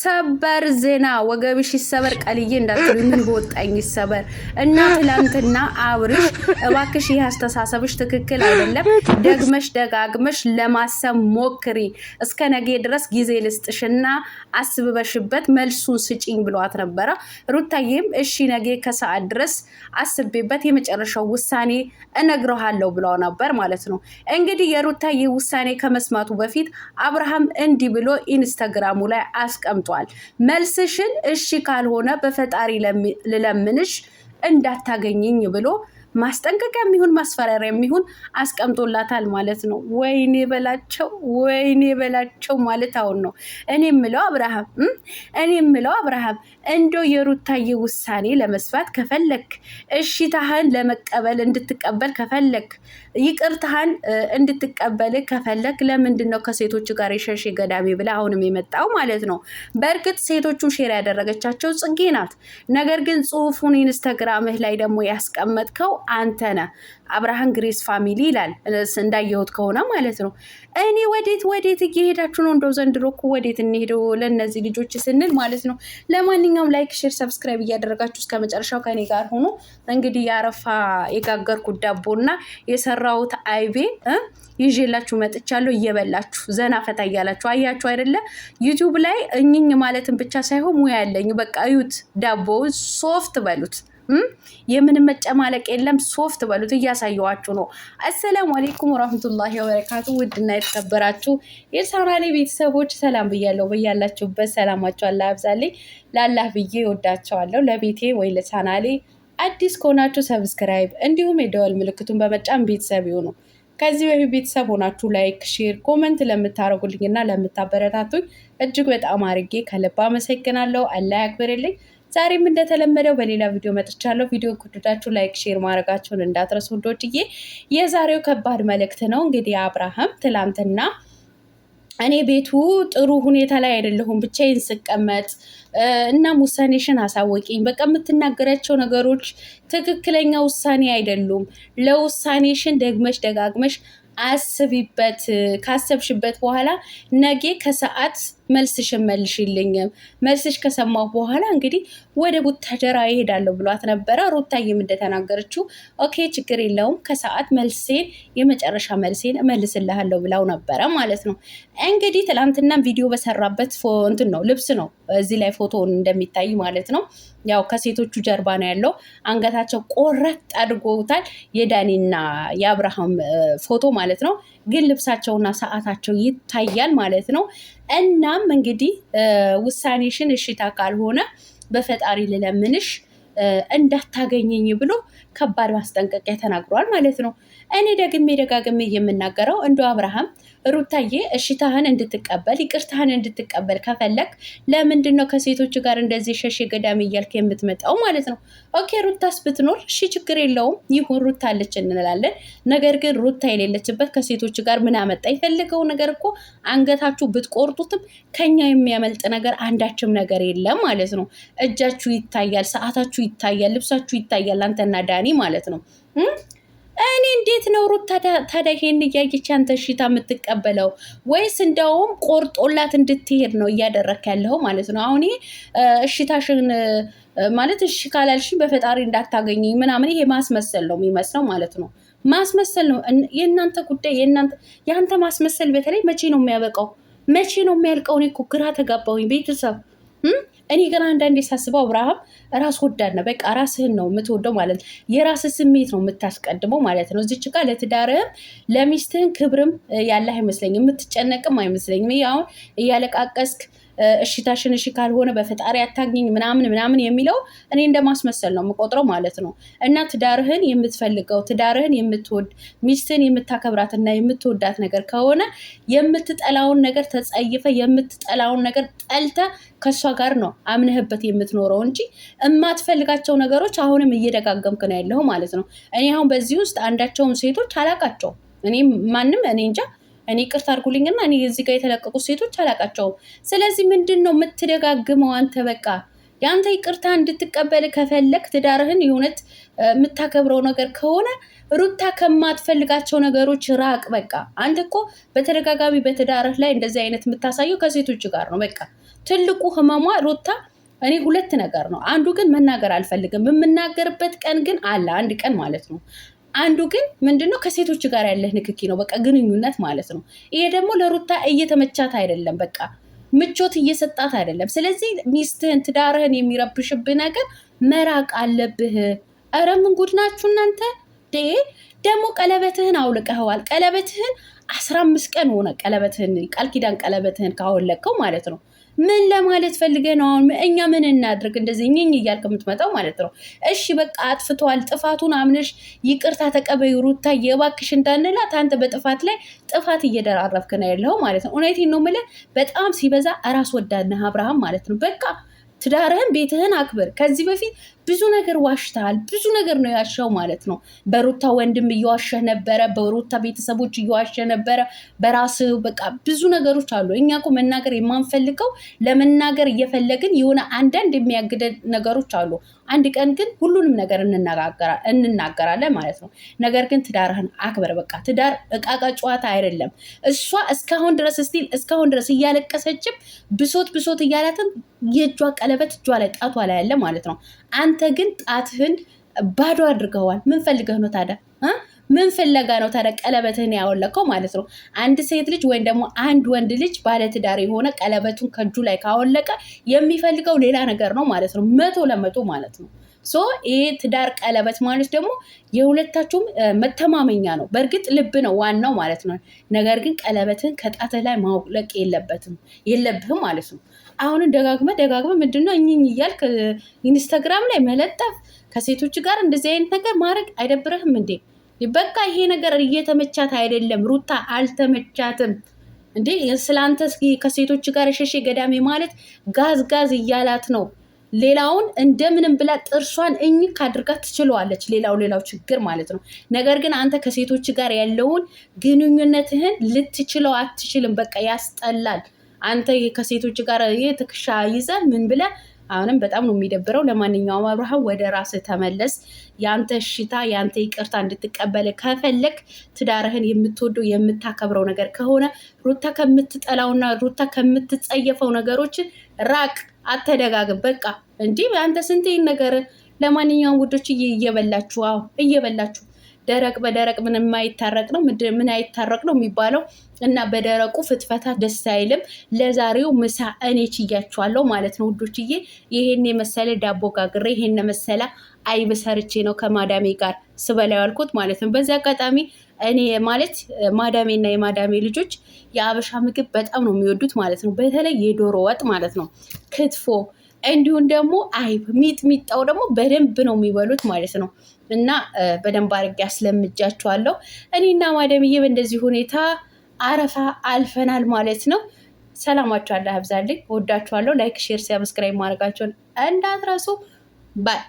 ሰበር ዜና ወገብሽ ይሰበር፣ ቀልዬ እንዳትሉ ምን በወጣኝ ይሰበር። እና ትላንትና አብርሽ እባክሽ ይህ አስተሳሰብሽ ትክክል አይደለም፣ ደግመሽ ደጋግመሽ ለማሰብ ሞክሪ፣ እስከ ነገ ድረስ ጊዜ ልስጥሽና አስብበሽበት መልሱን ስጪኝ ብሏት ነበረ። ሩታዬም እሺ ነገ ከሰዓት ድረስ አስቤበት የመጨረሻው ውሳኔ እነግረሃለሁ ብለው ነበር ማለት ነው። እንግዲህ የሩታዬ ውሳኔ ከመስማቱ በፊት አብርሃም እንዲህ ብሎ ኢንስታግራሙ ላይ አስቀ ተቀምጧል። መልስሽን እሺ ካልሆነ በፈጣሪ ልለምንሽ እንዳታገኘኝ ብሎ ማስጠንቀቂያ የሚሆን ማስፈራሪያ የሚሆን አስቀምጦላታል ማለት ነው። ወይኔ በላቸው ወይኔ በላቸው ማለት አሁን ነው። እኔ የምለው አብርሃም እኔ የምለው አብርሃም እንደው የሩታዬ ውሳኔ ለመስፋት ከፈለክ እሺታህን ለመቀበል እንድትቀበል ከፈለክ ይቅርታህን እንድትቀበል ከፈለክ ለምንድን ነው ከሴቶች ጋር የሸሽ ገዳሜ ብላ አሁንም የመጣው ማለት ነው። በእርግጥ ሴቶቹ ሼር ያደረገቻቸው ጽጌ ናት። ነገር ግን ጽሁፉን ኢንስታግራምህ ላይ ደግሞ ያስቀመጥከው አንተ ነህ አብርሃን ግሬስ ፋሚሊ ይላል እንዳየሁት ከሆነ ማለት ነው። እኔ ወዴት ወዴት እየሄዳችሁ ነው? እንደው ዘንድሮ እኮ ወዴት እንሄደው ለእነዚህ ልጆች ስንል ማለት ነው። ለማንኛውም ላይክ፣ ሼር፣ ሰብስክራይብ እያደረጋችሁ እስከ መጨረሻው ከኔ ጋር ሆኖ እንግዲህ የአረፋ የጋገርኩት እና የሰራሁት አይቤ ይዤላችሁ መጥቻለሁ። እየበላችሁ ዘና ፈታ እያላችሁ አያችሁ አይደለ? ዩቲዩብ ላይ እኝኝ ማለትን ብቻ ሳይሆን ሙያ ያለኝ በቃ እዩት፣ ዳቦውን ሶፍት በሉት። የምንም መጨማለቅ የለም። ሶፍት በሉት እያሳየዋችሁ ነው። አሰላሙ አሌይኩም ወራህመቱላሂ ወበረካቱ። ውድና የተከበራችሁ የሳናሌ ቤተሰቦች ሰላም ብያለሁ። በያላችሁበት ሰላማችሁ አላህ ያብዛልኝ። ላላህ ብዬ ወዳቸዋለሁ። ለቤቴ ወይ ለሳናሌ አዲስ ከሆናችሁ ሰብስክራይብ እንዲሁም የደወል ምልክቱን በመጫን ቤተሰብ ይሁኑ። ከዚህ በፊት ቤተሰብ ሆናችሁ ላይክ፣ ሼር፣ ኮመንት እና ለምታበረታቱኝ እጅግ በጣም አርጌ ከልብ አመሰግናለሁ። አላህ ያክብርልኝ። ዛሬም እንደተለመደው በሌላ ቪዲዮ መጥቻለሁ። ቪዲዮ ከወደዳችሁ ላይክ፣ ሼር ማድረጋችሁን እንዳትረሱ ውዶችዬ። የዛሬው ከባድ መልእክት ነው እንግዲህ አብርሃም ትላንትና እኔ ቤቱ ጥሩ ሁኔታ ላይ አይደለሁም፣ ብቻዬን ስቀመጥ እናም ውሳኔሽን አሳወቂኝ። በቃ የምትናገራቸው ነገሮች ትክክለኛ ውሳኔ አይደሉም። ለውሳኔሽን ደግመሽ ደጋግመሽ አስቢበት። ካሰብሽበት በኋላ ነጌ ከሰዓት መልስሽን መልሽልኝም መልስሽ ከሰማሁ በኋላ እንግዲህ ወደ ቡታጀራ ይሄዳለሁ ብሏት ነበረ። ሩታዬም እንደተናገረችው ኦኬ ችግር የለውም ከሰዓት መልሴን የመጨረሻ መልሴን እመልስልሃለሁ ብላው ነበረ ማለት ነው። እንግዲህ ትላንትና ቪዲዮ በሰራበት እንትን ነው ልብስ ነው እዚህ ላይ ፎቶን እንደሚታይ ማለት ነው። ያው ከሴቶቹ ጀርባ ነው ያለው። አንገታቸው ቆረጥ አድርጎታል። የዳኒና የአብርሃም ፎቶ ማለት ነው። ግን ልብሳቸውና ሰዓታቸው ይታያል ማለት ነው። እናም እንግዲህ ውሳኔሽን እሽታ ካልሆነ በፈጣሪ ልለምንሽ እንዳታገኘኝ ብሎ ከባድ ማስጠንቀቂያ ተናግሯል ማለት ነው። እኔ ደግሜ ደጋግሜ የምናገረው እንደ አብርሃም ሩታዬ እሽታህን እንድትቀበል ይቅርታህን እንድትቀበል ከፈለግ ለምንድን ነው ከሴቶች ጋር እንደዚህ ሸሽ ገዳም እያልክ የምትመጣው ማለት ነው? ኦኬ ሩታስ ብትኖር እሺ፣ ችግር የለውም ይሁን፣ ሩታ አለች እንላለን። ነገር ግን ሩታ የሌለችበት ከሴቶች ጋር ምን አመጣ? የፈለገው ነገር እኮ አንገታችሁ ብትቆርጡትም ከኛ የሚያመልጥ ነገር አንዳችም ነገር የለም ማለት ነው። እጃችሁ ይታያል፣ ሰዓታችሁ ይታያል፣ ልብሳችሁ ይታያል። አንተና ዳ ለዳኒ ማለት ነው። እኔ እንዴት ነው ሩት ታዲያ ይሄን እያየች አንተ ሽታ የምትቀበለው ወይስ እንደውም ቆርጦላት እንድትሄድ ነው እያደረክ ያለው ማለት ነው። አሁን እሽታሽን ማለት እሺ ካላልሽኝ በፈጣሪ እንዳታገኝ ምናምን ይሄ ማስመሰል ነው የሚመስለው ማለት ነው። ማስመሰል ነው የእናንተ ጉዳይ። የአንተ ማስመሰል በተለይ መቼ ነው የሚያበቃው? መቼ ነው የሚያልቀው? እኔ እኮ ግራ ተጋባሁኝ ቤተሰብ እኔ ግን አንዳንዴ ሳስበው አብርሃም ራስ ወዳድ ነው። በቃ ራስህን ነው የምትወደው ማለት ነው። ስሜት ነው የምታስቀድመው ማለት ነው። እዚች ጋር ለትዳርህም ለሚስትህን ክብርም ያለህ አይመስለኝም፣ የምትጨነቅም አይመስለኝም። ይህ አሁን እያለቃቀስክ እሽታሽን እሺ ካልሆነ በፈጣሪ አታግኝ ምናምን ምናምን የሚለው እኔ እንደማስመሰል ነው የምቆጥረው ማለት ነው። እና ትዳርህን የምትፈልገው ትዳርህን የምትወድ ሚስትን የምታከብራትና የምትወዳት ነገር ከሆነ የምትጠላውን ነገር ተጸይፈ የምትጠላውን ነገር ጠልተ ከእሷ ጋር ነው አምነህበት የምትኖረው እንጂ የማትፈልጋቸው ነገሮች አሁንም እየደጋገምክ ነው ያለው ማለት ነው። እኔ አሁን በዚህ ውስጥ አንዳቸውም ሴቶች አላቃቸው እኔ ማንም እኔ እንጃ እኔ ቅርት አድርጉልኝና እኔ እዚህ ጋር የተለቀቁ ሴቶች አላቃቸውም። ስለዚህ ምንድን ነው የምትደጋግመው አንተ በቃ የአንተ ይቅርታ እንድትቀበል ከፈለግ ትዳርህን የእውነት የምታከብረው ነገር ከሆነ ሩታ ከማትፈልጋቸው ነገሮች ራቅ። በቃ አንተ እኮ በተደጋጋሚ በትዳርህ ላይ እንደዚህ አይነት የምታሳየው ከሴቶች ጋር ነው። በቃ ትልቁ ህመሟ ሩታ እኔ ሁለት ነገር ነው። አንዱ ግን መናገር አልፈልግም፣ የምናገርበት ቀን ግን አለ፣ አንድ ቀን ማለት ነው። አንዱ ግን ምንድነው ከሴቶች ጋር ያለህ ንክኪ ነው፣ በቃ ግንኙነት ማለት ነው። ይሄ ደግሞ ለሩታ እየተመቻት አይደለም፣ በቃ ምቾት እየሰጣት አይደለም። ስለዚህ ሚስትህን፣ ትዳርህን የሚረብሽብህ ነገር መራቅ አለብህ። ኧረ ምን ጉድ ናችሁ እናንተ! ደግሞ ቀለበትህን አውልቀኸዋል። ቀለበትህን አስራ አምስት ቀን ሆነ ቀለበትህን ቃል ኪዳን ቀለበትህን ካወለቀው ማለት ነው። ምን ለማለት ፈልገህ ነው? አሁን እኛ ምን እናድርግ? እንደዚህ እኝኝ እያልክ የምትመጣው ማለት ነው። እሺ በቃ አጥፍቷል፣ ጥፋቱን አምነሽ ይቅርታ ተቀበይ ሩታ የባክሽ እንዳንላት አንተ በጥፋት ላይ ጥፋት እየደራረብክ ነው ያለው ማለት ነው። እውነቴን ነው የምልህ፣ በጣም ሲበዛ ራስ ወዳድነህ አብርሃም ማለት ነው። በቃ ትዳርህን ቤትህን አክብር። ከዚህ በፊት ብዙ ነገር ዋሽተሃል። ብዙ ነገር ነው ያሸው ማለት ነው። በሩታ ወንድም እየዋሸህ ነበረ፣ በሩታ ቤተሰቦች እየዋሸህ ነበረ። በራስህ በቃ ብዙ ነገሮች አሉ። እኛ እኮ መናገር የማንፈልገው ለመናገር እየፈለግን የሆነ አንዳንድ የሚያግደን ነገሮች አሉ። አንድ ቀን ግን ሁሉንም ነገር እንናገራለን ማለት ነው። ነገር ግን ትዳርህን አክበር። በቃ ትዳር እቃቃ ጨዋታ አይደለም። እሷ እስካሁን ድረስ ስቲል እስካሁን ድረስ እያለቀሰችም ብሶት ብሶት እያላትም የእጇ ቀለበት እጇ ላይ ጣቷ ላይ ያለ ማለት ነው። አንተ ግን ጣትህን ባዶ አድርገዋል። ምን ፈልገህ ነው ታዲያ? ምን ፍለጋ ነው ታዲያ ቀለበትህን ያወለቀው ማለት ነው? አንድ ሴት ልጅ ወይም ደግሞ አንድ ወንድ ልጅ ባለትዳር የሆነ ቀለበቱን ከእጁ ላይ ካወለቀ የሚፈልገው ሌላ ነገር ነው ማለት ነው። መቶ ለመቶ ማለት ነው። ሶ ይሄ ትዳር ቀለበት ማለት ደግሞ የሁለታችሁም መተማመኛ ነው። በእርግጥ ልብ ነው ዋናው ማለት ነው። ነገር ግን ቀለበትን ከጣትህ ላይ ማውለቅ የለበትም የለብህም ማለት ነው። አሁንም ደጋግመ ደጋግመ ምንድነው እኝኝ እያልክ ኢንስታግራም ላይ መለጠፍ ከሴቶች ጋር እንደዚህ አይነት ነገር ማድረግ አይደብረህም እንዴ? በቃ ይሄ ነገር እየተመቻት አይደለም ሩታ፣ አልተመቻትም እንዴ? ስለአንተ ከሴቶች ጋር የሸሼ ገዳሜ ማለት ጋዝ ጋዝ እያላት ነው። ሌላውን እንደምንም ብላ ጥርሷን እኝክ አድርጋ ትችለዋለች። ሌላው ሌላው ችግር ማለት ነው። ነገር ግን አንተ ከሴቶች ጋር ያለውን ግንኙነትህን ልትችለው አትችልም። በቃ ያስጠላል። አንተ ከሴቶች ጋር ትከሻ ይዘህ ምን ብለህ አሁንም በጣም ነው የሚደብረው። ለማንኛውም አብርሃም ወደ ራስ ተመለስ። የአንተ እሽታ የአንተ ይቅርታ እንድትቀበል ከፈለግ ትዳርህን የምትወደው የምታከብረው ነገር ከሆነ ሩታ ከምትጠላውና ሩታ ከምትጸየፈው ነገሮች ራቅ፣ አተደጋግም። በቃ እንዲህ አንተ ስንት ነገር ለማንኛውም ውዶች እየበላችሁ አዎ እየበላችሁ ደረቅ በደረቅ ምን የማይታረቅ ነው ምን አይታረቅ ነው የሚባለው እና በደረቁ ፍትፈታ ደስ አይልም። ለዛሬው ምሳ እኔ ችያችኋለሁ ማለት ነው ውዶችዬ። ይሄን የመሰለ ዳቦ ጋግሬ ይሄን መሰላ አይብ ሰርቼ ነው ከማዳሜ ጋር ስበላ ያልኩት ማለት ነው። በዚህ አጋጣሚ እኔ ማለት ማዳሜ እና የማዳሜ ልጆች የአበሻ ምግብ በጣም ነው የሚወዱት ማለት ነው። በተለይ የዶሮ ወጥ ማለት ነው ክትፎ እንዲሁም ደግሞ አይብ ሚጥሚጣው ደግሞ በደንብ ነው የሚበሉት ማለት ነው። እና በደንብ አድርጌ አስለምጃችኋለሁ። እኔና ማደምዬ በእንደዚህ ሁኔታ አረፋ አልፈናል ማለት ነው። ሰላማችኋለሁ፣ ያብዛልኝ። ወዳችኋለሁ። ላይክ፣ ሼር፣ ሰብስክራይብ ማድረጋችሁን እንዳትረሱ ባይ